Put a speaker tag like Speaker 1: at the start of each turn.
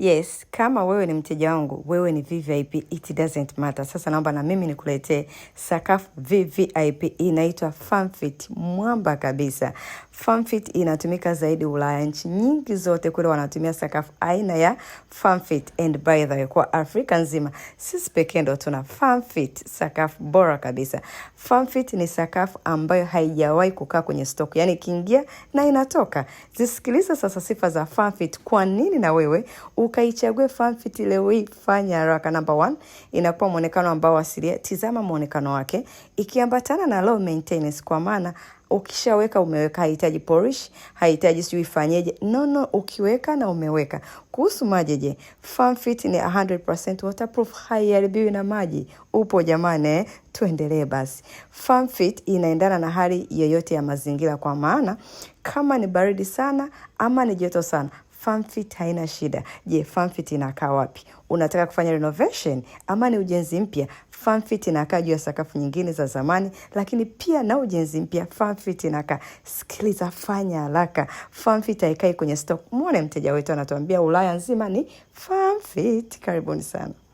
Speaker 1: Yes, kama wewe ni mteja wangu, wewe ni VVIP, it doesn't matter. Sasa naomba na mimi nikuletee sakafu VVIP, inaitwa Farmfit, mwamba kabisa. Farmfit inatumika zaidi Ulaya, nchi nyingi zote kule wanatumia sakafu aina ya Farmfit, and by the way, kwa Afrika nzima sisi pekee ndo tuna Farmfit, sakafu bora kabisa. Farmfit ni sakafu ambayo haijawahi kukaa kwenye stock, yani ikiingia na inatoka. Zisikiliza sasa sifa za Farmfit, kwa nini na wewe ukaichague Farmfit leo hii, fanya haraka. Number one, inakuwa mwonekano ambao asilia. Tizama mwonekano wake ikiambatana na low maintenance, kwa maana ukishaweka umeweka, hahitaji polish, hahitaji sijui ifanyeje, No, no, ukiweka na umeweka. Kuhusu maji, je, Farmfit ni 100% waterproof, haiharibiwi na maji. Upo jamani? Eh? Tuendelee basi. Farmfit inaendana na hali yoyote ya mazingira, kwa maana kama ni baridi sana ama ni joto sana Farmfit haina shida. Je, Farmfit inakaa wapi? Unataka kufanya renovation ama ni ujenzi mpya? Farmfit inakaa juu ya sakafu nyingine za zamani, lakini pia na ujenzi mpya. Farmfit inakaa. Sikiliza, fanya haraka. Farmfit haikai kwenye stock. Mwone mteja wetu anatuambia Ulaya nzima ni Farmfit. Karibuni sana.